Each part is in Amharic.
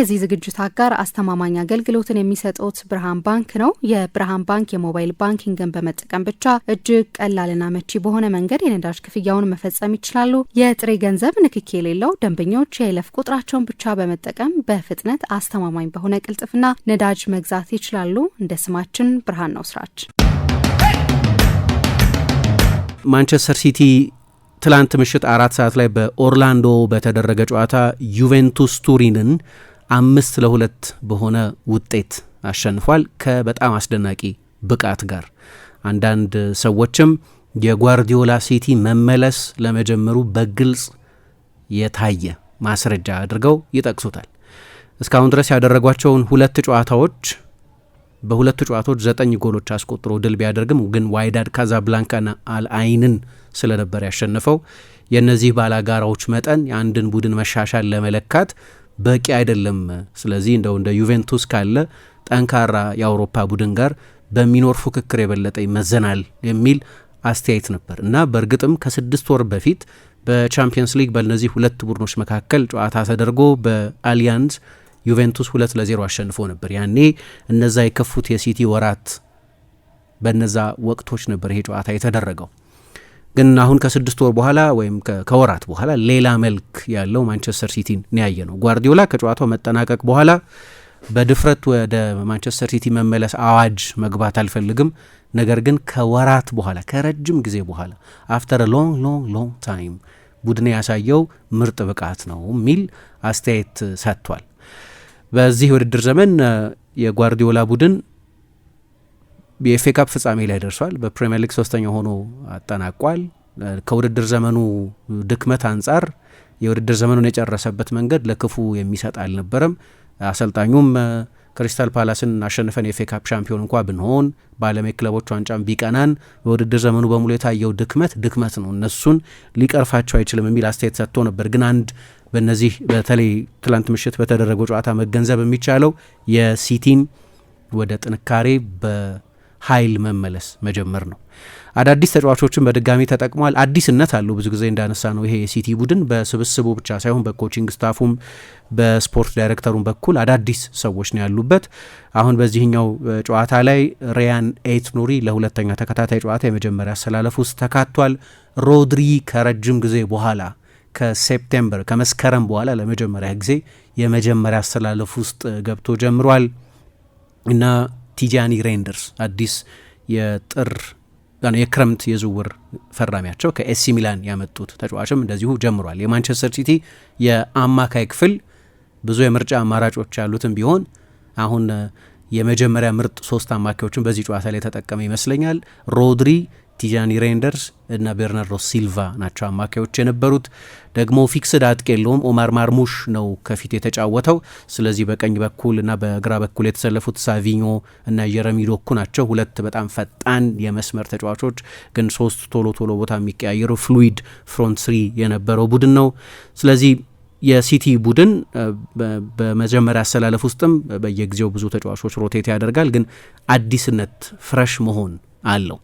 የዚህ ዝግጅት አጋር አስተማማኝ አገልግሎትን የሚሰጡት ብርሃን ባንክ ነው። የብርሃን ባንክ የሞባይል ባንኪንግን በመጠቀም ብቻ እጅግ ቀላልና መቺ በሆነ መንገድ የነዳጅ ክፍያውን መፈጸም ይችላሉ። የጥሬ ገንዘብ ንክኪ የሌለው ደንበኞች የይለፍ ቁጥራቸውን ብቻ በመጠቀም በፍጥነት አስተማማኝ በሆነ ቅልጥፍና ነዳጅ መግዛት ይችላሉ። እንደ ስማችን ብርሃን ነው ስራችን። ማንቸስተር ሲቲ ትላንት ምሽት አራት ሰዓት ላይ በኦርላንዶ በተደረገ ጨዋታ ዩቬንቱስ ቱሪንን አምስት ለሁለት በሆነ ውጤት አሸንፏል ከበጣም አስደናቂ ብቃት ጋር። አንዳንድ ሰዎችም የጓርዲዮላ ሲቲ መመለስ ለመጀመሩ በግልጽ የታየ ማስረጃ አድርገው ይጠቅሱታል። እስካሁን ድረስ ያደረጓቸውን ሁለት ጨዋታዎች በሁለቱ ጨዋታዎች ዘጠኝ ጎሎች አስቆጥሮ ድል ቢያደርግም ግን ዋይዳድ ካዛብላንካና አልአይንን ስለነበር ያሸነፈው የእነዚህ ባላጋራዎች መጠን የአንድን ቡድን መሻሻል ለመለካት በቂ አይደለም። ስለዚህ እንደው እንደ ዩቬንቱስ ካለ ጠንካራ የአውሮፓ ቡድን ጋር በሚኖር ፉክክር የበለጠ ይመዘናል የሚል አስተያየት ነበር እና በእርግጥም ከስድስት ወር በፊት በቻምፒየንስ ሊግ በእነዚህ ሁለት ቡድኖች መካከል ጨዋታ ተደርጎ በአሊያንዝ ዩቬንቱስ ሁለት ለዜሮ አሸንፎ ነበር። ያኔ እነዛ የከፉት የሲቲ ወራት በነዛ ወቅቶች ነበር ይሄ ጨዋታ የተደረገው። ግን አሁን ከስድስት ወር በኋላ ወይም ከወራት በኋላ ሌላ መልክ ያለው ማንቸስተር ሲቲን ያየ ነው። ጓርዲዮላ ከጨዋታው መጠናቀቅ በኋላ በድፍረት ወደ ማንቸስተር ሲቲ መመለስ አዋጅ መግባት አልፈልግም፣ ነገር ግን ከወራት በኋላ ከረጅም ጊዜ በኋላ አፍተር ሎንግ ሎንግ ሎንግ ታይም ቡድን ያሳየው ምርጥ ብቃት ነው የሚል አስተያየት ሰጥቷል። በዚህ ውድድር ዘመን የጓርዲዮላ ቡድን የኤፍ ካፕ ፍጻሜ ላይ ደርሷል። በፕሪምየር ሊግ ሶስተኛ ሆኖ አጠናቋል። ከውድድር ዘመኑ ድክመት አንጻር የውድድር ዘመኑን የጨረሰበት መንገድ ለክፉ የሚሰጥ አልነበረም። አሰልጣኙም ክሪስታል ፓላስን አሸንፈን የኤፌ ካፕ ሻምፒዮን እንኳ ብንሆን በዓለም የክለቦች ዋንጫም ቢቀናን በውድድር ዘመኑ በሙሉ የታየው ድክመት ድክመት ነው፣ እነሱን ሊቀርፋቸው አይችልም የሚል አስተያየት ሰጥቶ ነበር። ግን አንድ በነዚህ በተለይ ትላንት ምሽት በተደረገው ጨዋታ መገንዘብ የሚቻለው የሲቲን ወደ ጥንካሬ ኃይል መመለስ መጀመር ነው። አዳዲስ ተጫዋቾችን በድጋሚ ተጠቅሟል። አዲስነት አለው። ብዙ ጊዜ እንዳነሳ ነው ይሄ የሲቲ ቡድን በስብስቡ ብቻ ሳይሆን በኮቺንግ ስታፉም በስፖርት ዳይሬክተሩም በኩል አዳዲስ ሰዎች ነው ያሉበት። አሁን በዚህኛው ጨዋታ ላይ ሪያን ኤት ኑሪ ለሁለተኛ ተከታታይ ጨዋታ የመጀመሪያ አሰላለፍ ውስጥ ተካቷል። ሮድሪ ከረጅም ጊዜ በኋላ ከሴፕቴምበር ከመስከረም በኋላ ለመጀመሪያ ጊዜ የመጀመሪያ አሰላለፍ ውስጥ ገብቶ ጀምሯል እና ቲጃኒ ሬንደርስ አዲስ የጥር የክረምት የዝውውር ፈራሚያቸው ከኤሲ ሚላን ያመጡት ተጫዋችም እንደዚሁ ጀምሯል። የማንቸስተር ሲቲ የአማካይ ክፍል ብዙ የምርጫ አማራጮች ያሉትም ቢሆን አሁን የመጀመሪያ ምርጥ ሶስት አማካዮችን በዚህ ጨዋታ ላይ ተጠቀመ ይመስለኛል። ሮድሪ ቲጃኒ ሬንደርስ እና ቤርናርዶ ሲልቫ ናቸው አማካዮች የነበሩት። ደግሞ ፊክስድ አጥቂ የለውም። ኦማር ማርሙሽ ነው ከፊት የተጫወተው። ስለዚህ በቀኝ በኩል እና በግራ በኩል የተሰለፉት ሳቪኞ እና ጀረሚ ዶኩ ናቸው። ሁለት በጣም ፈጣን የመስመር ተጫዋቾች፣ ግን ሶስት ቶሎ ቶሎ ቦታ የሚቀያየሩ ፍሉይድ ፍሮንት ስሪ የነበረው ቡድን ነው። ስለዚህ የሲቲ ቡድን በመጀመሪያ አሰላለፍ ውስጥም በየጊዜው ብዙ ተጫዋቾች ሮቴት ያደርጋል፣ ግን አዲስነት ፍረሽ መሆን አለው።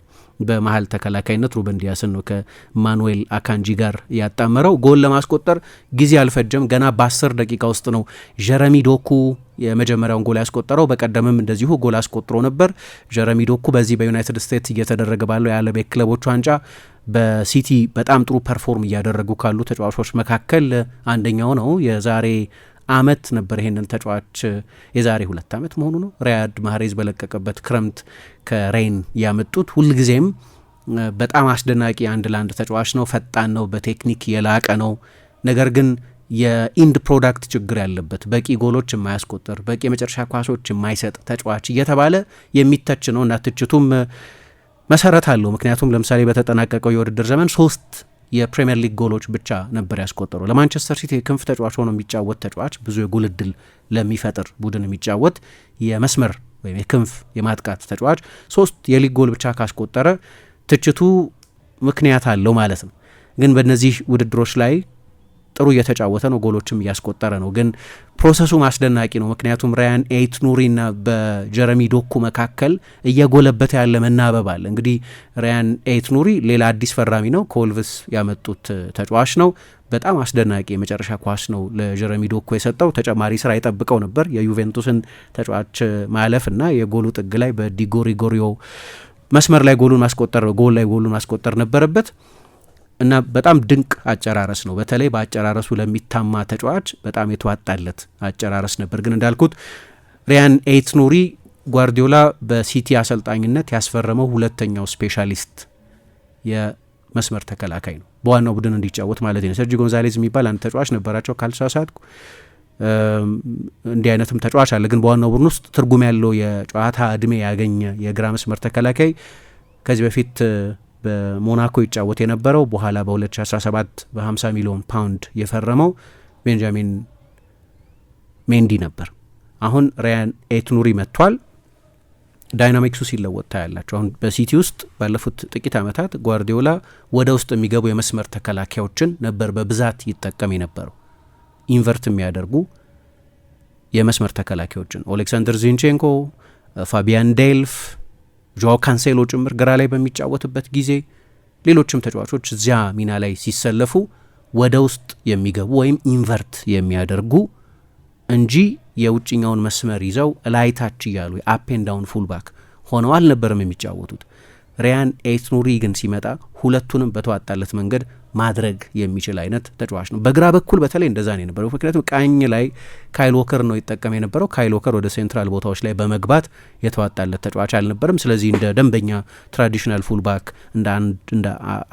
በመሀል ተከላካይነት ሩበን ዲያስን ነው ከማኑዌል አካንጂ ጋር ያጣመረው። ጎል ለማስቆጠር ጊዜ አልፈጀም። ገና በአስር ደቂቃ ውስጥ ነው ጀረሚ ዶኩ የመጀመሪያውን ጎል ያስቆጠረው። በቀደምም እንደዚሁ ጎል አስቆጥሮ ነበር ጀረሚ ዶኩ። በዚህ በዩናይትድ ስቴትስ እየተደረገ ባለው የዓለም የክለቦች ዋንጫ በሲቲ በጣም ጥሩ ፐርፎርም እያደረጉ ካሉ ተጫዋቾች መካከል አንደኛው ነው። የዛሬ አመት ነበር ይሄንን ተጫዋች የዛሬ ሁለት አመት መሆኑ ነው ሪያድ ማህሬዝ በለቀቀበት ክረምት ከሬን ያመጡት። ሁልጊዜም በጣም አስደናቂ አንድ ለአንድ ተጫዋች ነው። ፈጣን ነው፣ በቴክኒክ የላቀ ነው። ነገር ግን የኢንድ ፕሮዳክት ችግር ያለበት በቂ ጎሎች የማያስቆጥር በቂ የመጨረሻ ኳሶች የማይሰጥ ተጫዋች እየተባለ የሚተች ነው እና ትችቱም መሰረት አለው። ምክንያቱም ለምሳሌ በተጠናቀቀው የውድድር ዘመን ሶስት የፕሪምየር ሊግ ጎሎች ብቻ ነበር ያስቆጠረው። ለማንቸስተር ሲቲ የክንፍ ተጫዋች ሆኖ የሚጫወት ተጫዋች ብዙ የጎል እድል ለሚፈጥር ቡድን የሚጫወት የመስመር ወይም የክንፍ የማጥቃት ተጫዋች ሶስት የሊግ ጎል ብቻ ካስቆጠረ ትችቱ ምክንያት አለው ማለት ነው። ግን በእነዚህ ውድድሮች ላይ ጥሩ እየተጫወተ ነው፣ ጎሎችም እያስቆጠረ ነው። ግን ፕሮሰሱ ማስደናቂ ነው። ምክንያቱም ራያን ኤት ኑሪና በጀረሚ ዶኩ መካከል እየጎለበተ ያለ መናበብ አለ። እንግዲህ ራያን ኤት ኑሪ ሌላ አዲስ ፈራሚ ነው፣ ከወልቭስ ያመጡት ተጫዋች ነው። በጣም አስደናቂ የመጨረሻ ኳስ ነው ለጀረሚ ዶኮ የሰጠው። ተጨማሪ ስራ ይጠብቀው ነበር የዩቬንቱስን ተጫዋች ማለፍ እና የጎሉ ጥግ ላይ በዲጎሪጎሪዮ መስመር ላይ ጎሉን ማስቆጠር ጎል ላይ ጎሉን ማስቆጠር ነበረበት። እና በጣም ድንቅ አጨራረስ ነው። በተለይ በአጨራረሱ ለሚታማ ተጫዋች በጣም የተዋጣለት አጨራረስ ነበር። ግን እንዳልኩት ሪያን ኤይት ኑሪ ጓርዲዮላ በሲቲ አሰልጣኝነት ያስፈረመው ሁለተኛው ስፔሻሊስት የመስመር ተከላካይ ነው፣ በዋናው ቡድን እንዲጫወት ማለት ነው። ሰርጂ ጎንዛሌዝ የሚባል አንድ ተጫዋች ነበራቸው ካልተሳሳትኩ። እንዲህ አይነትም ተጫዋች አለ። ግን በዋናው ቡድን ውስጥ ትርጉም ያለው የጨዋታ እድሜ ያገኘ የግራ መስመር ተከላካይ ከዚህ በፊት በሞናኮ ይጫወት የነበረው በኋላ በ2017 በ50 ሚሊዮን ፓውንድ የፈረመው ቤንጃሚን ሜንዲ ነበር። አሁን ሪያን ኤትኑሪ መጥቷል። ዳይናሚክሱ ሲለወጥ ታያላቸው። አሁን በሲቲ ውስጥ ባለፉት ጥቂት ዓመታት ጓርዲዮላ ወደ ውስጥ የሚገቡ የመስመር ተከላካዮችን ነበር በብዛት ይጠቀም የነበረው ኢንቨርት የሚያደርጉ የመስመር ተከላካዮችን ኦሌክሳንደር ዚንቼንኮ፣ ፋቢያን ዴልፍ ጆዋ ካንሴሎ ጭምር ግራ ላይ በሚጫወትበት ጊዜ ሌሎችም ተጫዋቾች እዚያ ሚና ላይ ሲሰለፉ ወደ ውስጥ የሚገቡ ወይም ኢንቨርት የሚያደርጉ እንጂ የውጭኛውን መስመር ይዘው ላይታች እያሉ የአፔንዳውን ፉልባክ ሆነው አልነበርም የሚጫወቱት። ሪያን ኤትኑሪ ግን ሲመጣ ሁለቱንም በተዋጣለት መንገድ ማድረግ የሚችል አይነት ተጫዋች ነው። በግራ በኩል በተለይ እንደዛ ነው የነበረው። ምክንያቱም ቀኝ ላይ ካይል ወከር ነው ይጠቀም የነበረው። ካይል ወከር ወደ ሴንትራል ቦታዎች ላይ በመግባት የተዋጣለት ተጫዋች አልነበረም። ስለዚህ እንደ ደንበኛ ትራዲሽናል ፉልባክ እንደ አንድ እንደ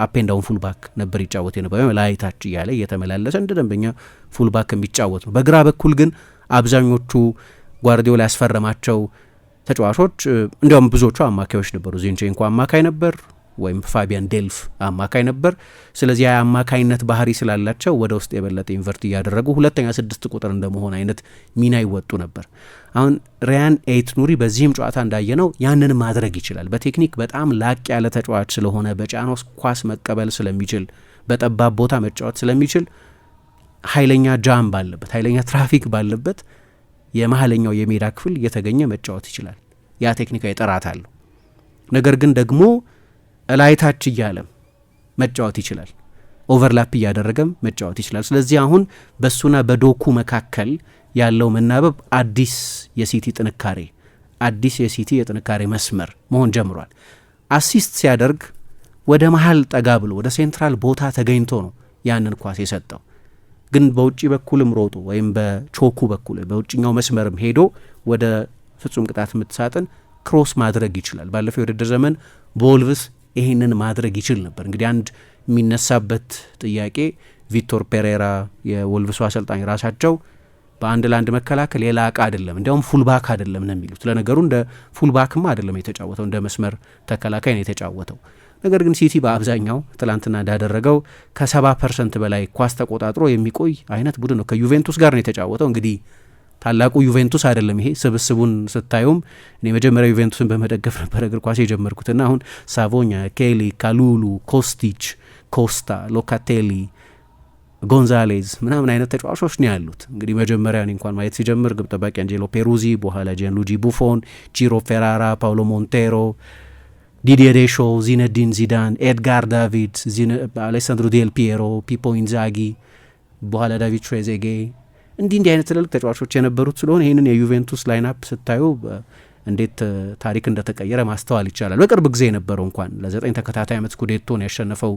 አፔንዳውን ፉልባክ ነበር ይጫወት የነበረ ላይታች እያለ እየተመላለሰ እንደ ደንበኛ ፉልባክ የሚጫወት ነው። በግራ በኩል ግን አብዛኞቹ ጓርዲዮላ ያስፈረማቸው ተጫዋቾች እንዲያውም ብዙዎቹ አማካዮች ነበሩ። ዚንቼንኮ አማካይ ነበር። ወይም ፋቢያን ዴልፍ አማካይ ነበር። ስለዚህ ያ አማካይነት ባህሪ ስላላቸው ወደ ውስጥ የበለጠ ኢንቨርት እያደረጉ ሁለተኛ ስድስት ቁጥር እንደመሆን አይነት ሚና ይወጡ ነበር። አሁን ሪያን ኤት ኑሪ በዚህም ጨዋታ እንዳየነው ያንን ማድረግ ይችላል። በቴክኒክ በጣም ላቅ ያለ ተጫዋች ስለሆነ በጫና ውስጥ ኳስ መቀበል ስለሚችል፣ በጠባብ ቦታ መጫወት ስለሚችል ኃይለኛ ጃም ባለበት ኃይለኛ ትራፊክ ባለበት የመሀለኛው የሜዳ ክፍል እየተገኘ መጫወት ይችላል። ያ ቴክኒካዊ ጥራት አለው። ነገር ግን ደግሞ ላይታች እያለም መጫወት ይችላል። ኦቨርላፕ እያደረገም መጫወት ይችላል። ስለዚህ አሁን በእሱና በዶኩ መካከል ያለው መናበብ አዲስ የሲቲ ጥንካሬ አዲስ የሲቲ የጥንካሬ መስመር መሆን ጀምሯል። አሲስት ሲያደርግ ወደ መሀል ጠጋ ብሎ ወደ ሴንትራል ቦታ ተገኝቶ ነው ያንን ኳስ የሰጠው። ግን በውጭ በኩልም ሮጦ ወይም በቾኩ በኩል በውጭኛው መስመርም ሄዶ ወደ ፍጹም ቅጣት የምትሳጥን ክሮስ ማድረግ ይችላል። ባለፈው የውድድር ዘመን በወልቭስ ይሄንን ማድረግ ይችል ነበር። እንግዲህ አንድ የሚነሳበት ጥያቄ ቪቶር ፔሬራ የወልቭሱ አሰልጣኝ ራሳቸው በአንድ ለአንድ መከላከል የላቀ አይደለም፣ እንዲያውም ፉልባክ አይደለም ነው የሚሉት። ለነገሩ እንደ ፉልባክማ አይደለም የተጫወተው፣ እንደ መስመር ተከላካይ ነው የተጫወተው። ነገር ግን ሲቲ በአብዛኛው ትላንትና እንዳደረገው ከሰባ ፐርሰንት በላይ ኳስ ተቆጣጥሮ የሚቆይ አይነት ቡድን ነው። ከዩቬንቱስ ጋር ነው የተጫወተው እንግዲህ ታላቁ ዩቬንቱስ አይደለም። ይሄ ስብስቡን ስታዩም እኔ መጀመሪያ ዩቬንቱስን በመደገፍ ነበር እግር ኳስ የጀመርኩትና አሁን ሳቮኛ፣ ኬሊ፣ ካሉሉ፣ ኮስቲች፣ ኮስታ፣ ሎካቴሊ፣ ጎንዛሌዝ ምናምን አይነት ተጫዋቾች ነው ያሉት። እንግዲህ መጀመሪያ እኔ እንኳን ማየት ሲጀምር ግብ ጠባቂ አንጄሎ ፔሩዚ፣ በኋላ ጂያንሉጂ ቡፎን፣ ቺሮ ፌራራ፣ ፓውሎ ሞንቴሮ ዲዲየ ዴሾ፣ ዚነዲን ዚዳን፣ ኤድጋር ዳቪድ፣ አሌሳንድሮ ዴል ፒሮ ፒፖ ኢንዛጊ፣ በኋላ ዳቪድ ትሬዜጌ እንዲህ እንዲህ አይነት ትልልቅ ተጫዋቾች የነበሩት ስለሆነ ይህንን የዩቬንቱስ ላይናፕ ስታዩ እንዴት ታሪክ እንደተቀየረ ማስተዋል ይቻላል። በቅርብ ጊዜ የነበረው እንኳን ለዘጠኝ ተከታታይ ዓመት ስኩዴቶን ያሸነፈው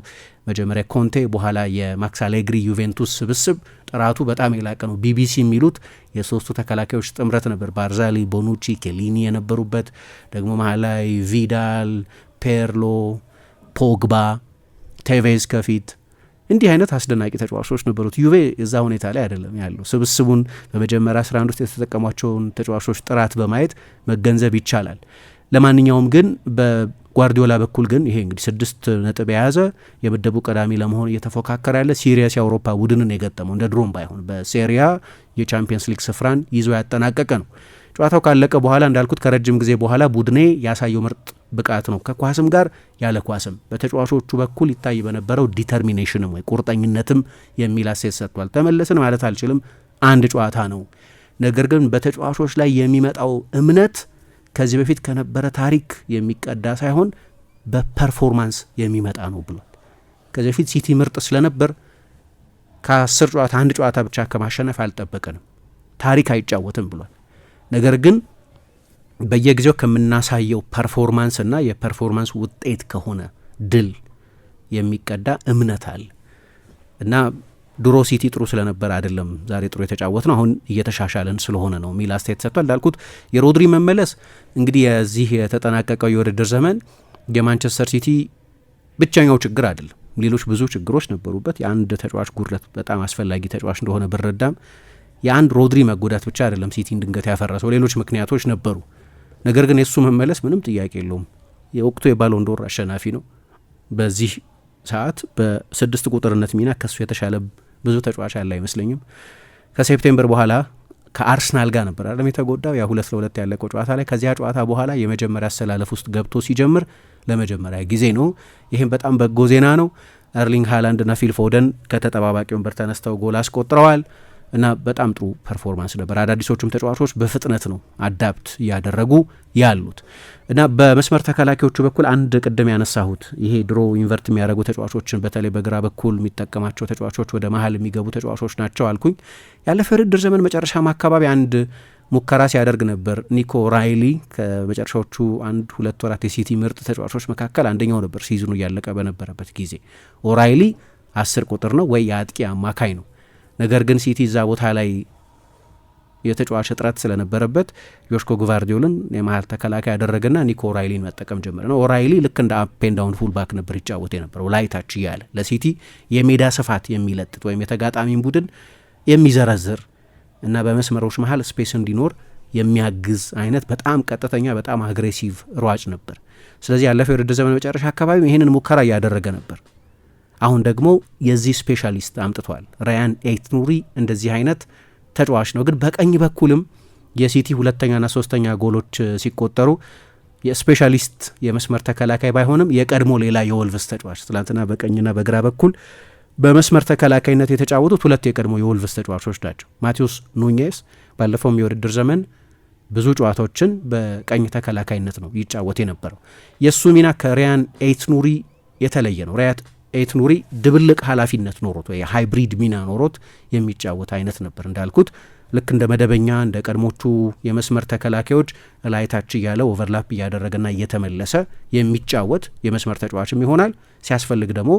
መጀመሪያ ኮንቴ፣ በኋላ የማክስ አሌግሪ ዩቬንቱስ ስብስብ ጥራቱ በጣም የላቀ ነው። ቢቢሲ የሚሉት የሶስቱ ተከላካዮች ጥምረት ነበር። ባርዛሊ፣ ቦኑቺ፣ ኬሊኒ የነበሩበት ደግሞ መሀል ላይ ቪዳል፣ ፔርሎ፣ ፖግባ፣ ቴቬዝ ከፊት እንዲህ አይነት አስደናቂ ተጫዋቾች ነበሩት። ዩቬ እዛ ሁኔታ ላይ አይደለም ያለው። ስብስቡን በመጀመሪያ 11 ውስጥ የተጠቀሟቸውን ተጫዋቾች ጥራት በማየት መገንዘብ ይቻላል። ለማንኛውም ግን በጓርዲዮላ በኩል ግን ይሄ እንግዲህ ስድስት ነጥብ የያዘ የምድቡ ቀዳሚ ለመሆን እየተፎካከረ ያለ ሲሪየስ የአውሮፓ ቡድንን የገጠመው እንደ ድሮም ባይሆን በሴሪያ የቻምፒየንስ ሊግ ስፍራን ይዞ ያጠናቀቀ ነው። ጨዋታው ካለቀ በኋላ እንዳልኩት ከረጅም ጊዜ በኋላ ቡድኔ ያሳየው ምርጥ ብቃት ነው። ከኳስም ጋር ያለ ኳስም በተጫዋቾቹ በኩል ይታይ በነበረው ዲተርሚኔሽንም ወይ ቁርጠኝነትም የሚል አሴት ሰጥቷል። ተመለስን ማለት አልችልም፣ አንድ ጨዋታ ነው። ነገር ግን በተጫዋቾች ላይ የሚመጣው እምነት ከዚህ በፊት ከነበረ ታሪክ የሚቀዳ ሳይሆን በፐርፎርማንስ የሚመጣ ነው ብሏል። ከዚህ በፊት ሲቲ ምርጥ ስለነበር ከአስር ጨዋታ አንድ ጨዋታ ብቻ ከማሸነፍ አልጠበቅንም፣ ታሪክ አይጫወትም ብሏል። ነገር ግን በየጊዜው ከምናሳየው ፐርፎርማንስ እና የፐርፎርማንስ ውጤት ከሆነ ድል የሚቀዳ እምነት አለ እና ድሮ ሲቲ ጥሩ ስለነበረ አይደለም ዛሬ ጥሩ የተጫወት ነው፣ አሁን እየተሻሻለን ስለሆነ ነው የሚል አስተያየት ሰጥቷል። እንዳልኩት የሮድሪ መመለስ እንግዲህ የዚህ የተጠናቀቀው የውድድር ዘመን የማንቸስተር ሲቲ ብቸኛው ችግር አይደለም። ሌሎች ብዙ ችግሮች ነበሩበት። የአንድ ተጫዋች ጉድለት በጣም አስፈላጊ ተጫዋች እንደሆነ ብረዳም የአንድ ሮድሪ መጎዳት ብቻ አይደለም ሲቲን ድንገት ያፈረሰው፣ ሌሎች ምክንያቶች ነበሩ። ነገር ግን የእሱ መመለስ ምንም ጥያቄ የለውም። የወቅቱ የባሎንዶር አሸናፊ ነው። በዚህ ሰዓት በስድስት ቁጥርነት ሚና ከሱ የተሻለ ብዙ ተጫዋች አለ አይመስለኝም። ከሴፕቴምበር በኋላ ከአርሰናል ጋር ነበር አለም የተጎዳው ያ ሁለት ለሁለት ያለቀው ጨዋታ ላይ። ከዚያ ጨዋታ በኋላ የመጀመሪያ አሰላለፍ ውስጥ ገብቶ ሲጀምር ለመጀመሪያ ጊዜ ነው። ይህም በጣም በጎ ዜና ነው። ኤርሊንግ ሃላንድና ፊል ፎደን ከተጠባባቂ ወንበር ተነስተው ጎል አስቆጥረዋል። እና በጣም ጥሩ ፐርፎርማንስ ነበር። አዳዲሶቹም ተጫዋቾች በፍጥነት ነው አዳፕት እያደረጉ ያሉት እና በመስመር ተከላካዮቹ በኩል አንድ ቅድም ያነሳሁት ይሄ ድሮ ኢንቨርት የሚያደርጉ ተጫዋቾችን በተለይ በግራ በኩል የሚጠቀማቸው ተጫዋቾች ወደ መሀል የሚገቡ ተጫዋቾች ናቸው አልኩኝ። ያለፈ ውድድር ዘመን መጨረሻም አካባቢ አንድ ሙከራ ሲያደርግ ነበር። ኒኮ ራይሊ ከመጨረሻዎቹ አንድ ሁለት ወራት የሲቲ ምርጥ ተጫዋቾች መካከል አንደኛው ነበር። ሲዝኑ እያለቀ በነበረበት ጊዜ ኦራይሊ አስር ቁጥር ነው ወይ የአጥቂ አማካኝ ነው ነገር ግን ሲቲ እዛ ቦታ ላይ የተጫዋች እጥረት ስለነበረበት ዮሽኮ ግቫርዲዮልን የመሀል ተከላካይ ያደረገና ኒኮ ኦራይሊን መጠቀም ጀመረ ነው። ኦራይሊ ልክ እንደ አፔን ዳውን ፉልባክ ነበር ይጫወት የነበረው ላይታች እያለ ለሲቲ የሜዳ ስፋት የሚለጥጥ ወይም የተጋጣሚን ቡድን የሚዘረዝር እና በመስመሮች መሀል ስፔስ እንዲኖር የሚያግዝ አይነት በጣም ቀጥተኛ በጣም አግሬሲቭ ሯጭ ነበር። ስለዚህ ያለፈው የውድድር ዘመን መጨረሻ አካባቢ ይህንን ሙከራ እያደረገ ነበር። አሁን ደግሞ የዚህ ስፔሻሊስት አምጥቷል። ራያን ኤት ኑሪ እንደዚህ አይነት ተጫዋች ነው። ግን በቀኝ በኩልም የሲቲ ሁለተኛና ሶስተኛ ጎሎች ሲቆጠሩ የስፔሻሊስት የመስመር ተከላካይ ባይሆንም የቀድሞ ሌላ የወልቭስ ተጫዋች ትላንትና በቀኝና በግራ በኩል በመስመር ተከላካይነት የተጫወቱት ሁለት የቀድሞ የወልቭስ ተጫዋቾች ናቸው። ማቴዎስ ኑኜስ ባለፈውም የውድድር ዘመን ብዙ ጨዋታዎችን በቀኝ ተከላካይነት ነው ይጫወት የነበረው። የእሱ ሚና ከሪያን ኤትኑሪ የተለየ ነው። ኤት ኑሪ ድብልቅ ኃላፊነት ኖሮት ወይ ሃይብሪድ ሚና ኖሮት የሚጫወት አይነት ነበር። እንዳልኩት ልክ እንደ መደበኛ እንደ ቀድሞቹ የመስመር ተከላካዮች ላይታች እያለ ኦቨርላፕ እያደረገና እየተመለሰ የሚጫወት የመስመር ተጫዋችም ይሆናል። ሲያስፈልግ ደግሞ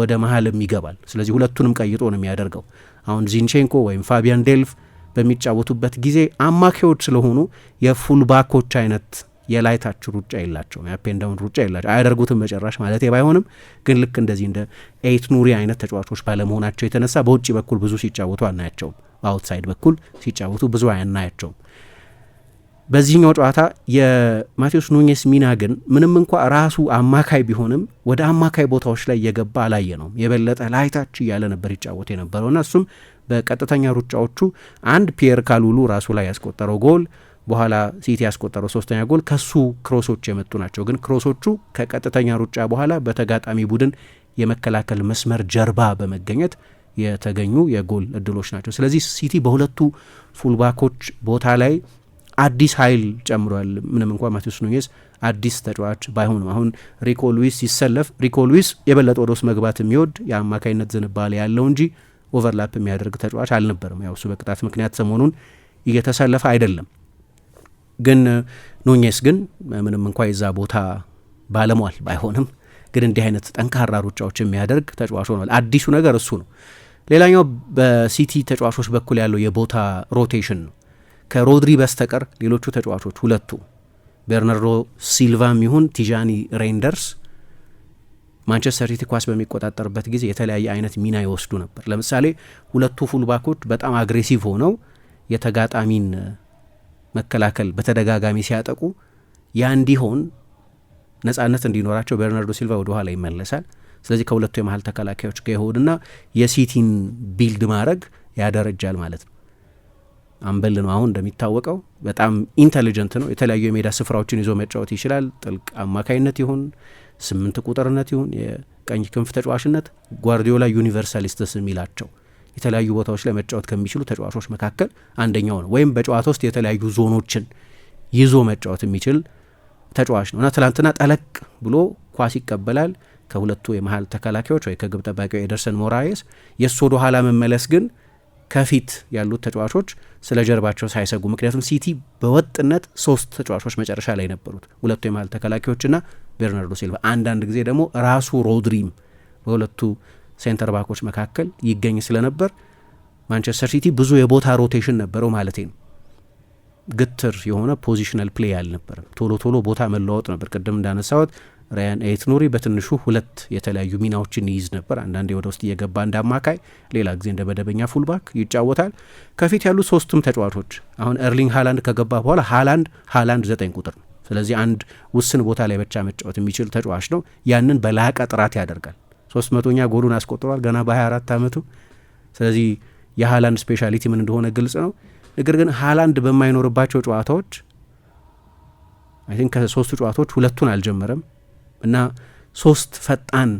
ወደ መሀልም ይገባል። ስለዚህ ሁለቱንም ቀይጦ ነው የሚያደርገው። አሁን ዚንቼንኮ ወይም ፋቢያን ዴልፍ በሚጫወቱበት ጊዜ አማካዮች ስለሆኑ የፉልባኮች አይነት የላይታች ሩጫ የላቸውም። የአፔንዳውን ሩጫ የላቸው አያደርጉትም በጭራሽ ማለት ባይሆንም ግን ልክ እንደዚህ እንደ ኤት ኑሪ አይነት ተጫዋቾች ባለመሆናቸው የተነሳ በውጭ በኩል ብዙ ሲጫወቱ አናያቸውም። በአውትሳይድ በኩል ሲጫወቱ ብዙ አናያቸውም። በዚህኛው ጨዋታ የማቴዎስ ኑኜስ ሚና ግን ምንም እንኳ ራሱ አማካይ ቢሆንም ወደ አማካይ ቦታዎች ላይ እየገባ አላየ ነውም። የበለጠ ላይታች እያለ ነበር ይጫወት የነበረውና እሱም በቀጥተኛ ሩጫዎቹ አንድ ፒየር ካሉሉ ራሱ ላይ ያስቆጠረው ጎል በኋላ ሲቲ ያስቆጠረው ሶስተኛ ጎል ከሱ ክሮሶች የመጡ ናቸው። ግን ክሮሶቹ ከቀጥተኛ ሩጫ በኋላ በተጋጣሚ ቡድን የመከላከል መስመር ጀርባ በመገኘት የተገኙ የጎል እድሎች ናቸው። ስለዚህ ሲቲ በሁለቱ ፉልባኮች ቦታ ላይ አዲስ ኃይል ጨምሯል። ምንም እንኳ ማቴዎስ ኑኔዝ አዲስ ተጫዋች ባይሆንም አሁን ሪኮ ሉዊስ ሲሰለፍ ሪኮ ሉዊስ የበለጠ ወደ ውስጥ መግባት የሚወድ የአማካይነት ዝንባሌ ያለው እንጂ ኦቨርላፕ የሚያደርግ ተጫዋች አልነበርም። ያው እሱ በቅጣት ምክንያት ሰሞኑን እየተሰለፈ አይደለም። ግን ኑኔስ ግን ምንም እንኳ የዛ ቦታ ባለሟል ባይሆንም ግን እንዲህ አይነት ጠንካራ ሩጫዎች የሚያደርግ ተጫዋች ሆኗል። አዲሱ ነገር እሱ ነው። ሌላኛው በሲቲ ተጫዋቾች በኩል ያለው የቦታ ሮቴሽን ነው። ከሮድሪ በስተቀር ሌሎቹ ተጫዋቾች ሁለቱ ቤርናርዶ ሲልቫም ይሁን ቲጃኒ ሬንደርስ ማንቸስተር ሲቲ ኳስ በሚቆጣጠርበት ጊዜ የተለያየ አይነት ሚና ይወስዱ ነበር። ለምሳሌ ሁለቱ ፉልባኮች በጣም አግሬሲቭ ሆነው የተጋጣሚን መከላከል በተደጋጋሚ ሲያጠቁ ያ እንዲሆን ነጻነት እንዲኖራቸው በርናርዶ ሲልቫ ወደ ኋላ ይመለሳል። ስለዚህ ከሁለቱ የመሀል ተከላካዮች ጋር ይሆንና የሲቲን ቢልድ ማድረግ ያደረጃል ማለት ነው። አምበል ነው። አሁን እንደሚታወቀው በጣም ኢንተሊጀንት ነው። የተለያዩ የሜዳ ስፍራዎችን ይዞ መጫወት ይችላል። ጥልቅ አማካይነት ይሁን ስምንት ቁጥርነት ይሁን የቀኝ ክንፍ ተጫዋችነት ጓርዲዮላ ዩኒቨርሳሊስትስ የሚላቸው የተለያዩ ቦታዎች ላይ መጫወት ከሚችሉ ተጫዋቾች መካከል አንደኛው ነው። ወይም በጨዋታ ውስጥ የተለያዩ ዞኖችን ይዞ መጫወት የሚችል ተጫዋች ነው እና ትላንትና ጠለቅ ብሎ ኳስ ይቀበላል ከሁለቱ የመሀል ተከላካዮች ወይ ከግብ ጠባቂው ኤደርሰን ሞራየስ። የእሱ ወደ ኋላ መመለስ ግን ከፊት ያሉት ተጫዋቾች ስለ ጀርባቸው ሳይሰጉ፣ ምክንያቱም ሲቲ በወጥነት ሶስት ተጫዋቾች መጨረሻ ላይ ነበሩት፣ ሁለቱ የመሀል ተከላካዮችና ቤርናርዶ ሲልቫ፣ አንዳንድ ጊዜ ደግሞ ራሱ ሮድሪም በሁለቱ ሴንተር ባኮች መካከል ይገኝ ስለነበር ማንቸስተር ሲቲ ብዙ የቦታ ሮቴሽን ነበረው ማለት ነው። ግትር የሆነ ፖዚሽናል ፕሌይ አልነበርም። ቶሎ ቶሎ ቦታ መለዋወጥ ነበር። ቅድም እንዳነሳወት ራያን ኤትኖሪ በትንሹ ሁለት የተለያዩ ሚናዎችን ይይዝ ነበር። አንዳንዴ ወደ ውስጥ እየገባ እንደ አማካይ፣ ሌላ ጊዜ እንደ መደበኛ ፉልባክ ይጫወታል። ከፊት ያሉ ሶስቱም ተጫዋቾች አሁን ኤርሊንግ ሃላንድ ከገባ በኋላ ሃላንድ ሃላንድ ዘጠኝ ቁጥር ነው። ስለዚህ አንድ ውስን ቦታ ላይ ብቻ መጫወት የሚችል ተጫዋች ነው። ያንን በላቀ ጥራት ያደርጋል። ሶስት መቶኛ ጎሉን አስቆጥሯል ገና በ አራት አመቱ ስለዚህ የሀላንድ ስፔሻሊቲ ምን እንደሆነ ግልጽ ነው። ነገር ግን ሃላንድ በማይኖርባቸው ጨዋታዎች አይ ቲንክ ከሶስቱ ጨዋታዎች ሁለቱን አልጀመረም እና ሶስት ፈጣን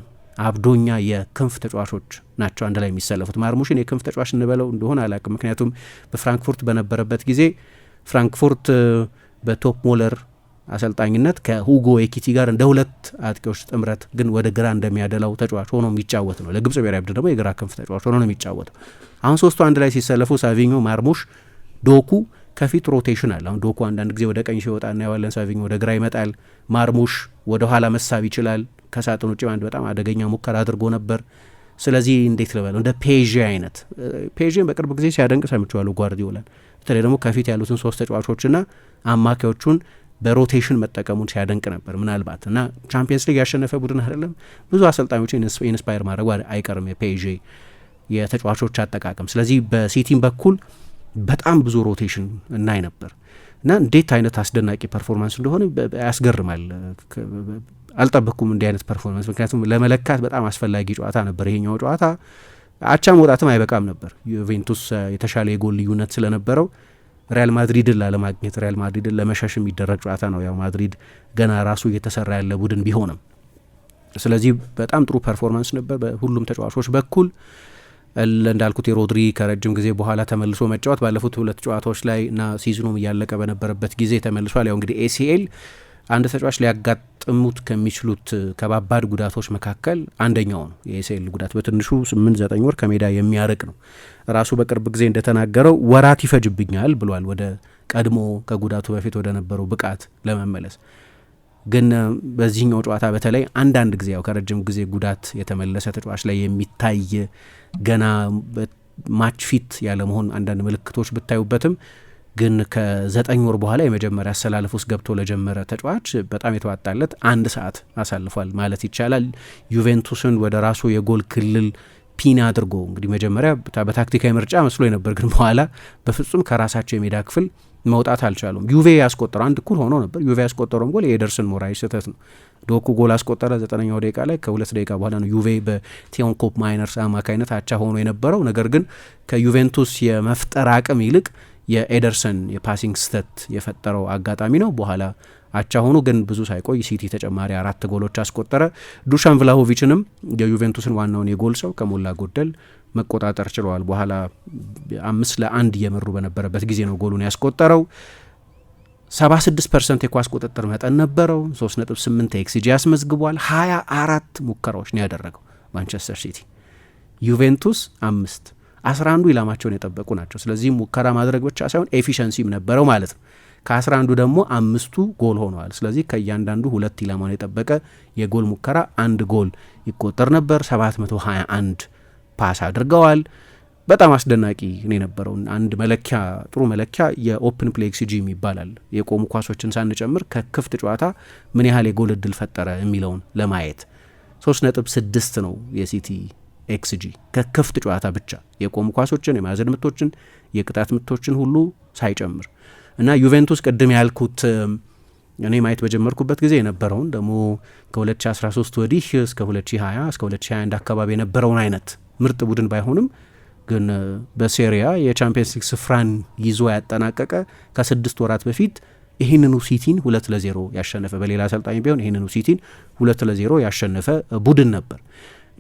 አብዶኛ የክንፍ ተጫዋቾች ናቸው አንድ ላይ የሚሰለፉት። ማርሙሽን የክንፍ ተጫዋች እንበለው እንደሆነ አላቅም፣ ምክንያቱም በፍራንክፉርት በነበረበት ጊዜ ፍራንክፉርት በቶፕ ሞለር አሰልጣኝነት ከሁጎ ኤኪቲ ጋር እንደ ሁለት አጥቂዎች ጥምረት ግን ወደ ግራ እንደሚያደላው ተጫዋች ሆኖ የሚጫወት ነው። ለግብጽ ብሔራዊ ቡድን ደግሞ የግራ ክንፍ ተጫዋች ሆኖ ነው የሚጫወተው። አሁን ሶስቱ አንድ ላይ ሲሰለፉ ሳቪኞ፣ ማርሙሽ፣ ዶኩ ከፊት ሮቴሽን አለ። አሁን ዶኩ አንዳንድ ጊዜ ወደ ቀኝ ሲወጣ እናየዋለን። ሳቪኞ ወደ ግራ ይመጣል። ማርሙሽ ወደ ኋላ መሳብ ይችላል። ከሳጥን ውጭ አንድ በጣም አደገኛ ሙከራ አድርጎ ነበር። ስለዚህ እንዴት ልበለው እንደ ፔዥ አይነት ፔዥን በቅርብ ጊዜ ሲያደንቅ ሰምቼዋለሁ ጓርዲዮላን። በተለይ ደግሞ ከፊት ያሉትን ሶስት ተጫዋቾችና አማካዮቹን በሮቴሽን መጠቀሙን ሲያደንቅ ነበር። ምናልባት እና ቻምፒየንስ ሊግ ያሸነፈ ቡድን አይደለም፣ ብዙ አሰልጣኞችን ኢንስፓየር ማድረጉ አይቀርም የፔዤ የተጫዋቾች አጠቃቀም። ስለዚህ በሲቲም በኩል በጣም ብዙ ሮቴሽን እናይ ነበር እና እንዴት አይነት አስደናቂ ፐርፎርማንስ እንደሆነ ያስገርማል። አልጠበቅኩም እንዲህ አይነት ፐርፎርማንስ፣ ምክንያቱም ለመለካት በጣም አስፈላጊ ጨዋታ ነበር ይሄኛው ጨዋታ። አቻ መውጣትም አይበቃም ነበር ዩቬንቱስ የተሻለ የጎል ልዩነት ስለነበረው ሪያል ማድሪድን ላለማግኘት ሪያል ማድሪድን ለመሸሽ የሚደረግ ጨዋታ ነው። ያው ማድሪድ ገና ራሱ እየተሰራ ያለ ቡድን ቢሆንም ስለዚህ በጣም ጥሩ ፐርፎርማንስ ነበር በሁሉም ተጫዋቾች በኩል እንዳልኩት የሮድሪ ከረጅም ጊዜ በኋላ ተመልሶ መጫወት ባለፉት ሁለት ጨዋታዎች ላይ እና ሲዝኑም እያለቀ በነበረበት ጊዜ ተመልሷል። ያው እንግዲህ ኤሲኤል አንድ ተጫዋች ሊያጋጥሙት ከሚችሉት ከባባድ ጉዳቶች መካከል አንደኛው ነው። የኤሲኤል ጉዳት በትንሹ ስምንት ዘጠኝ ወር ከሜዳ የሚያርቅ ነው። ራሱ በቅርብ ጊዜ እንደተናገረው ወራት ይፈጅብኛል ብሏል፣ ወደ ቀድሞ ከጉዳቱ በፊት ወደ ነበረው ብቃት ለመመለስ ግን በዚህኛው ጨዋታ በተለይ አንዳንድ ጊዜ ያው ከረጅም ጊዜ ጉዳት የተመለሰ ተጫዋች ላይ የሚታይ ገና ማች ፊት ያለመሆን አንዳንድ ምልክቶች ብታዩበትም ግን ከዘጠኝ ወር በኋላ የመጀመሪያ አሰላለፍ ውስጥ ገብቶ ለጀመረ ተጫዋች በጣም የተዋጣለት አንድ ሰዓት አሳልፏል ማለት ይቻላል። ዩቬንቱስን ወደ ራሱ የጎል ክልል ፒን አድርጎ እንግዲህ መጀመሪያ በታክቲካዊ ምርጫ መስሎ ነበር፣ ግን በኋላ በፍጹም ከራሳቸው የሜዳ ክፍል መውጣት አልቻሉም። ዩቬ ያስቆጠረው አንድ እኩል ሆኖ ነበር። ዩቬ ያስቆጠረውም ጎል የኤደርሰን ሞራይ ስህተት ነው። ዶኩ ጎል አስቆጠረ ዘጠነኛው ደቂቃ ላይ። ከሁለት ደቂቃ በኋላ ነው ዩቬ በቴዮንኮፕ ማይነርስ አማካኝነት አቻ ሆኖ የነበረው። ነገር ግን ከዩቬንቱስ የመፍጠር አቅም ይልቅ የኤደርሰን የፓሲንግ ስተት የፈጠረው አጋጣሚ ነው። በኋላ አቻ ሆኖ ግን ብዙ ሳይቆይ ሲቲ ተጨማሪ አራት ጎሎች አስቆጠረ። ዱሻን ቭላሆቪችንም የዩቬንቱስን ዋናውን የጎል ሰው ከሞላ ጎደል መቆጣጠር ችለዋል። በኋላ አምስት ለአንድ እየመሩ በነበረበት ጊዜ ነው ጎሉን ያስቆጠረው። 76 ፐርሰንት የኳስ ቁጥጥር መጠን ነበረው። 3.8 ኤክስጂ አስመዝግቧል። 24 ሙከራዎች ነው ያደረገው ማንቸስተር ሲቲ፣ ዩቬንቱስ አምስት አስራ አንዱ ኢላማቸውን የጠበቁ ናቸው። ስለዚህም ሙከራ ማድረግ ብቻ ሳይሆን ኤፊሸንሲም ነበረው ማለት ነው። ከአስራ አንዱ ደግሞ አምስቱ ጎል ሆነዋል። ስለዚህ ከእያንዳንዱ ሁለት ኢላማውን የጠበቀ የጎል ሙከራ አንድ ጎል ይቆጠር ነበር። 721 ፓስ አድርገዋል። በጣም አስደናቂ ነው የነበረው። አንድ መለኪያ ጥሩ መለኪያ የኦፕን ፕሌይ ኤክስጂም ይባላል። የቆሙ ኳሶችን ሳንጨምር ከክፍት ጨዋታ ምን ያህል የጎል እድል ፈጠረ የሚለውን ለማየት ስድስት ነው የሲቲ ኤክስጂ ከክፍት ጨዋታ ብቻ የቆሙ ኳሶችን፣ የማዕዘን ምቶችን፣ የቅጣት ምቶችን ሁሉ ሳይጨምር እና ዩቬንቱስ ቅድም ያልኩት እኔ ማየት በጀመርኩበት ጊዜ የነበረውን ደግሞ ከ2013 ወዲህ እስከ 2020 እስከ 2021 አካባቢ የነበረውን አይነት ምርጥ ቡድን ባይሆንም ግን በሴሪያ የቻምፒየንስ ሊግ ስፍራን ይዞ ያጠናቀቀ ከስድስት ወራት በፊት ይህንኑ ሲቲን ሁለት ለዜሮ ያሸነፈ በሌላ አሰልጣኝ ቢሆን ይህንኑ ሲቲን ሁለት ለዜሮ ያሸነፈ ቡድን ነበር።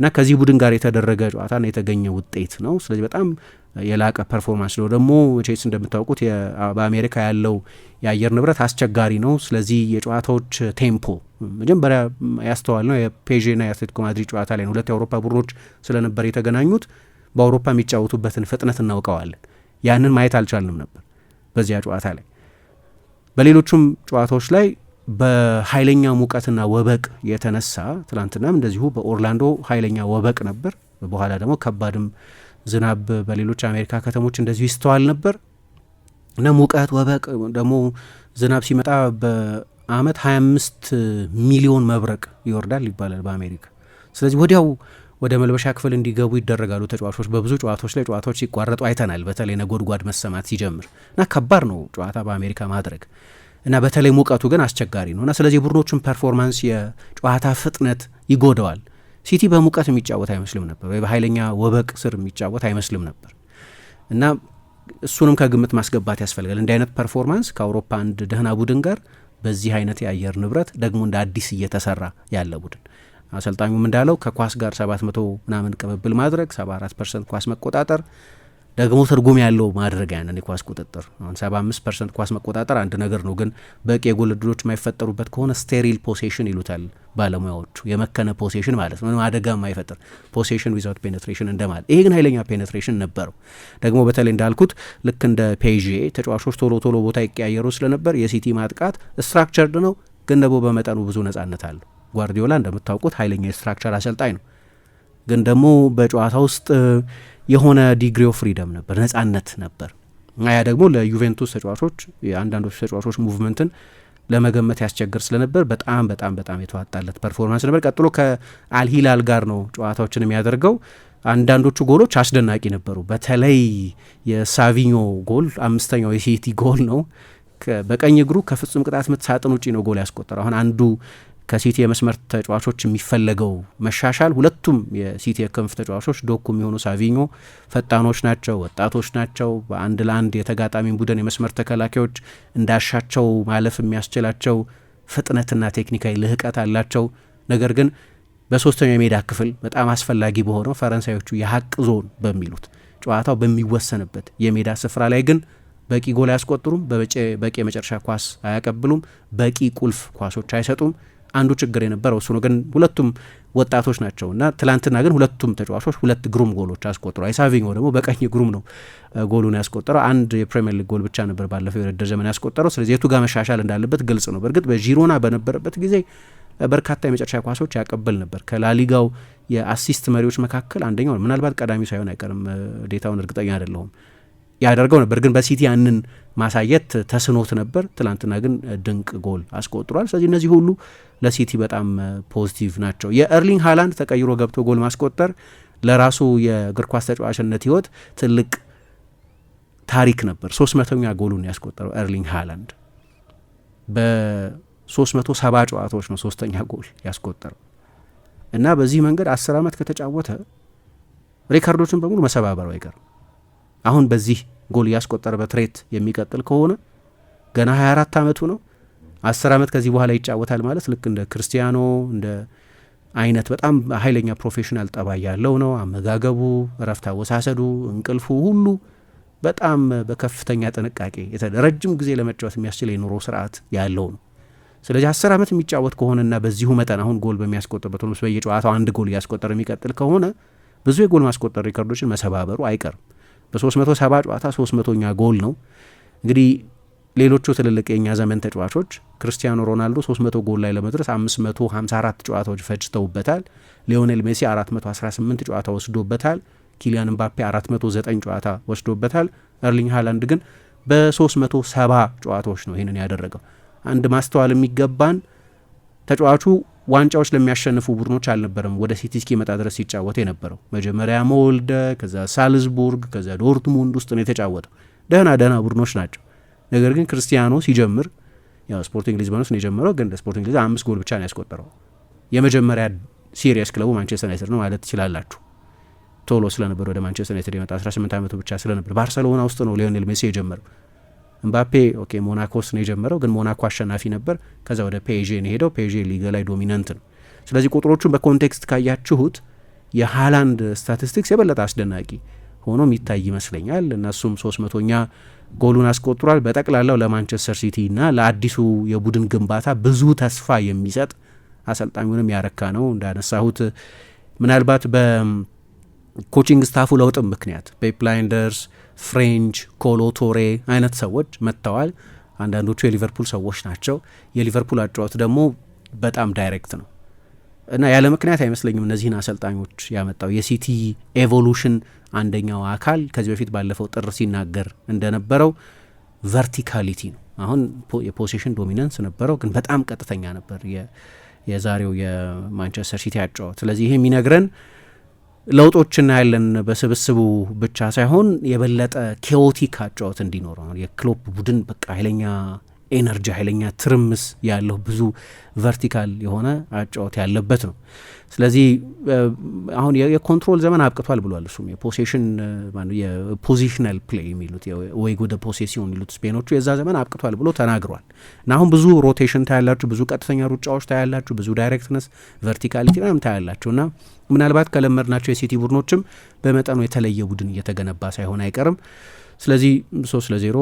እና ከዚህ ቡድን ጋር የተደረገ ጨዋታና የተገኘ ውጤት ነው። ስለዚህ በጣም የላቀ ፐርፎርማንስ ነው። ደግሞ ቼልሲ እንደምታውቁት በአሜሪካ ያለው የአየር ንብረት አስቸጋሪ ነው። ስለዚህ የጨዋታዎች ቴምፖ መጀመሪያ ያስተዋል ነው የፔዤና የአትሌቲኮ ማድሪድ ጨዋታ ላይ ነው። ሁለት የአውሮፓ ቡድኖች ስለነበር የተገናኙት በአውሮፓ የሚጫወቱበትን ፍጥነት እናውቀዋለን። ያንን ማየት አልቻልንም ነበር በዚያ ጨዋታ ላይ። በሌሎቹም ጨዋታዎች ላይ በኃይለኛ ሙቀትና ወበቅ የተነሳ ትናንትናም እንደዚሁ በኦርላንዶ ኃይለኛ ወበቅ ነበር። በኋላ ደግሞ ከባድም ዝናብ በሌሎች አሜሪካ ከተሞች እንደዚሁ ይስተዋል ነበር እና ሙቀት፣ ወበቅ ደግሞ ዝናብ ሲመጣ በአመት 25 ሚሊዮን መብረቅ ይወርዳል ይባላል በአሜሪካ። ስለዚህ ወዲያው ወደ መልበሻ ክፍል እንዲገቡ ይደረጋሉ ተጫዋቾች። በብዙ ጨዋታዎች ላይ ጨዋታዎች ሲቋረጡ አይተናል፣ በተለይ ነጎድጓድ መሰማት ሲጀምር እና ከባድ ነው ጨዋታ በአሜሪካ ማድረግ እና በተለይ ሙቀቱ ግን አስቸጋሪ ነው እና ስለዚህ ቡድኖቹን ፐርፎርማንስ የጨዋታ ፍጥነት ይጎደዋል። ሲቲ በሙቀት የሚጫወት አይመስልም ነበር፣ ወይ በኃይለኛ ወበቅ ስር የሚጫወት አይመስልም ነበር እና እሱንም ከግምት ማስገባት ያስፈልጋል። እንዲህ አይነት ፐርፎርማንስ ከአውሮፓ አንድ ደህና ቡድን ጋር በዚህ አይነት የአየር ንብረት ደግሞ እንደ አዲስ እየተሰራ ያለ ቡድን አሰልጣኙም እንዳለው ከኳስ ጋር 700 ምናምን ቅብብል ማድረግ 74 ፐርሰንት ኳስ መቆጣጠር ደግሞ ትርጉም ያለው ማድረግ ያንን የኳስ ቁጥጥር አሁን አምስት ፐርሰንት ኳስ መቆጣጠር አንድ ነገር ነው፣ ግን በቂ የጎል እድሎች የማይፈጠሩበት ከሆነ ስቴሪል ፖሴሽን ይሉታል ባለሙያዎቹ። የመከነ ፖሴሽን ማለት ምንም አደጋ የማይፈጥር ፖሴሽን ዊዛውት ፔኔትሬሽን እንደማለት። ይሄ ግን ኃይለኛ ፔኔትሬሽን ነበረው። ደግሞ በተለይ እንዳልኩት ልክ እንደ ፔዤ ተጫዋቾች ቶሎ ቶሎ ቦታ ይቀያየሩ ስለነበር የሲቲ ማጥቃት ስትራክቸርድ ነው፣ ግን ደግሞ በመጠኑ ብዙ ነጻነት አለ። ጓርዲዮላ እንደምታውቁት ኃይለኛ የስትራክቸር አሰልጣኝ ነው፣ ግን ደግሞ በጨዋታ ውስጥ የሆነ ዲግሪ ኦፍ ፍሪደም ነበር፣ ነጻነት ነበር። ያ ደግሞ ለዩቬንቱስ ተጫዋቾች የአንዳንዶች ተጫዋቾች ሙቭመንትን ለመገመት ያስቸግር ስለነበር በጣም በጣም በጣም የተዋጣለት ፐርፎርማንስ ነበር። ቀጥሎ ከአልሂላል ጋር ነው ጨዋታዎችን የሚያደርገው። አንዳንዶቹ ጎሎች አስደናቂ ነበሩ። በተለይ የሳቪኞ ጎል አምስተኛው የሴቲ ጎል ነው። በቀኝ እግሩ ከፍጹም ቅጣት ምት ሳጥን ውጪ ነው ጎል ያስቆጠረው። አሁን አንዱ ከሲቲ የመስመር ተጫዋቾች የሚፈለገው መሻሻል ሁለቱም የሲቲ የክንፍ ተጫዋቾች ዶኩ የሚሆኑ ሳቪኞ ፈጣኖች ናቸው፣ ወጣቶች ናቸው። በአንድ ለአንድ የተጋጣሚ ቡድን የመስመር ተከላካዮች እንዳሻቸው ማለፍ የሚያስችላቸው ፍጥነትና ቴክኒካዊ ልህቀት አላቸው። ነገር ግን በሶስተኛው የሜዳ ክፍል በጣም አስፈላጊ በሆነው ፈረንሳዮቹ የሀቅ ዞን በሚሉት ጨዋታው በሚወሰንበት የሜዳ ስፍራ ላይ ግን በቂ ጎል አያስቆጥሩም፣ በቂ የመጨረሻ ኳስ አያቀብሉም፣ በቂ ቁልፍ ኳሶች አይሰጡም። አንዱ ችግር የነበረው እሱ ነው። ግን ሁለቱም ወጣቶች ናቸው እና ትላንትና ግን ሁለቱም ተጫዋቾች ሁለት ግሩም ጎሎች አስቆጥሮ አይሳቪኞ ደግሞ በቀኝ ግሩም ነው ጎሉን ያስቆጠረው። አንድ የፕሪምየር ሊግ ጎል ብቻ ነበር ባለፈው የውድድር ዘመን ያስቆጠረው። ስለዚህ የቱ ጋር መሻሻል እንዳለበት ግልጽ ነው። በእርግጥ በዢሮና በነበረበት ጊዜ በርካታ የመጨረሻ ኳሶች ያቀብል ነበር። ከላሊጋው የአሲስት መሪዎች መካከል አንደኛው ምናልባት ቀዳሚው ሳይሆን አይቀርም። ዴታውን እርግጠኛ አይደለሁም ያደርገው ነበር ግን በሲቲ ያንን ማሳየት ተስኖት ነበር። ትናንትና ግን ድንቅ ጎል አስቆጥሯል። ስለዚህ እነዚህ ሁሉ ለሲቲ በጣም ፖዚቲቭ ናቸው። የኤርሊንግ ሃላንድ ተቀይሮ ገብቶ ጎል ማስቆጠር ለራሱ የእግር ኳስ ተጫዋችነት ህይወት ትልቅ ታሪክ ነበር። ሶስት መቶኛ ጎሉን ያስቆጠረው ኤርሊንግ ሃላንድ ሶስት መቶ ሰባ ጨዋታዎች ነው ሶስተኛ ጎል ያስቆጠረው እና በዚህ መንገድ አስር ዓመት ከተጫወተ ሪከርዶችን በሙሉ መሰባበሩ አይቀርም። አሁን በዚህ ጎል ያስቆጠረበት በትሬት የሚቀጥል ከሆነ ገና 24 ዓመቱ ነው። አስር ዓመት ከዚህ በኋላ ይጫወታል ማለት ልክ እንደ ክርስቲያኖ እንደ አይነት በጣም ኃይለኛ ፕሮፌሽናል ጠባይ ያለው ነው። አመጋገቡ፣ እረፍት አወሳሰዱ፣ እንቅልፉ ሁሉ በጣም በከፍተኛ ጥንቃቄ ረጅም ጊዜ ለመጫወት የሚያስችል የኑሮ ስርዓት ያለው ነው። ስለዚህ አስር ዓመት የሚጫወት ከሆነና በዚሁ መጠን አሁን ጎል በሚያስቆጥርበት በየጨዋታው አንድ ጎል እያስቆጠረ የሚቀጥል ከሆነ ብዙ የጎል ማስቆጠር ሪከርዶችን መሰባበሩ አይቀርም። በ370 ጨዋታ 300ኛ ጎል ነው። እንግዲህ ሌሎቹ ትልልቅ የኛ ዘመን ተጫዋቾች ክርስቲያኖ ሮናልዶ 300 ጎል ላይ ለመድረስ 554 ጨዋታዎች ፈጅተውበታል። ሊዮኔል ሜሲ 418 ጨዋታ ወስዶበታል። ኪሊያን ምባፔ 409 ጨዋታ ወስዶበታል። እርሊንግ ሃላንድ ግን በ370 ጨዋታዎች ነው ይህንን ያደረገው። አንድ ማስተዋል የሚገባን ተጫዋቹ ዋንጫዎች ለሚያሸንፉ ቡድኖች አልነበረም ወደ ሲቲ እስኪመጣ ድረስ ሲጫወት የነበረው። መጀመሪያ መወልደ፣ ከዛ ሳልዝቡርግ፣ ከዛ ዶርትሙንድ ውስጥ ነው የተጫወተው። ደህና ደህና ቡድኖች ናቸው። ነገር ግን ክርስቲያኖ ሲጀምር ያው ስፖርቲንግ ሊዝበን ውስጥ ነው የጀመረው። ግን ስፖርቲንግ ሊዝ አምስት ጎል ብቻ ነው ያስቆጠረው። የመጀመሪያ ሲሪየስ ክለቡ ማንቸስተር ዩናይትድ ነው ማለት ትችላላችሁ። ቶሎ ስለነበር ወደ ማንቸስተር ዩናይትድ የመጣ 18 ዓመቱ ብቻ ስለነበር ባርሰሎና ውስጥ ነው ሊዮኔል ሜሲ የጀመረው። እምባፔ ኦኬ ውስጥ ነው የጀመረው፣ ግን ሞናኮ አሸናፊ ነበር። ከዛ ወደ ፔዤ ነው ሄደው። ፔዤ ሊግ ላይ ዶሚናንት ነው። ስለዚህ ቁጥሮቹን በኮንቴክስት ካያችሁት የሃላንድ ስታቲስቲክስ የበለጠ አስደናቂ ሆኖ የሚታይ ይመስለኛል። እነሱም ሶስት መቶኛ ጎሉን አስቆጥሯል። በጠቅላላው ለማንቸስተር ሲቲና ለአዲሱ የቡድን ግንባታ ብዙ ተስፋ የሚሰጥ አሰልጣኙንም ያረካ ነው። እንዳነሳሁት ምናልባት በኮቺንግ ስታፉ ለውጥም ምክንያት ፔፕ ላይንደርስ ፍሬንች፣ ኮሎቶሬ አይነት ሰዎች መጥተዋል። አንዳንዶቹ የሊቨርፑል ሰዎች ናቸው። የሊቨርፑል አጫዋት ደግሞ በጣም ዳይሬክት ነው እና ያለ ምክንያት አይመስለኝም እነዚህን አሰልጣኞች ያመጣው። የሲቲ ኤቮሉሽን አንደኛው አካል ከዚህ በፊት ባለፈው ጥር ሲናገር እንደነበረው ቨርቲካሊቲ ነው። አሁን የፖሴሽን ዶሚነንስ ነበረው፣ ግን በጣም ቀጥተኛ ነበር የዛሬው የማንቸስተር ሲቲ አጫዋት። ስለዚህ ይሄ የሚነግረን ለውጦች እናያለን። በስብስቡ ብቻ ሳይሆን የበለጠ ኬዎቲክ አጫወት እንዲኖረው የክሎፕ ቡድን በቃ ኃይለኛ ኤነርጂ፣ ኃይለኛ ትርምስ ያለው ብዙ ቨርቲካል የሆነ አጫወት ያለበት ነው። ስለዚህ አሁን የኮንትሮል ዘመን አብቅቷል ብሏል። እሱም የፖሴሽን የፖዚሽናል ፕሌይ የሚሉት ወይ ወደ ፖሴሲዮን የሚሉት ስፔኖቹ የዛ ዘመን አብቅቷል ብሎ ተናግሯል እና አሁን ብዙ ሮቴሽን ታያላችሁ፣ ብዙ ቀጥተኛ ሩጫዎች ታያላችሁ፣ ብዙ ዳይሬክትነስ ቨርቲካሊቲ ምናምን ታያላችሁ እና ምናልባት ከለመድናቸው የሲቲ ቡድኖችም በመጠኑ የተለየ ቡድን እየተገነባ ሳይሆን አይቀርም። ስለዚህ ሶስት ለዜሮ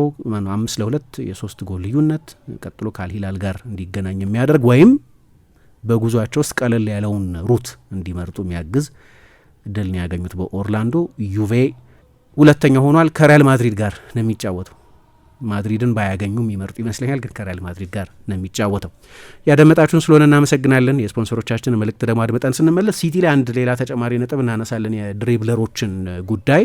አምስት ለሁለት የሶስት ጎል ልዩነት ቀጥሎ ከአልሂላል ጋር እንዲገናኝ የሚያደርግ ወይም በጉዟቸው ውስጥ ቀለል ያለውን ሩት እንዲመርጡ የሚያግዝ እድል ነው ያገኙት። በኦርላንዶ ዩቬ ሁለተኛ ሆኗል። ከሪያል ማድሪድ ጋር ነው የሚጫወተው። ማድሪድን ባያገኙ የሚመርጡ ይመስለኛል፣ ግን ከሪያል ማድሪድ ጋር ነው የሚጫወተው። ያደመጣችሁን ስለሆነ እናመሰግናለን። የስፖንሰሮቻችን መልእክት ደግሞ አድመጠን ስንመለስ ሲቲ ላይ አንድ ሌላ ተጨማሪ ነጥብ እናነሳለን፣ የድሪብለሮችን ጉዳይ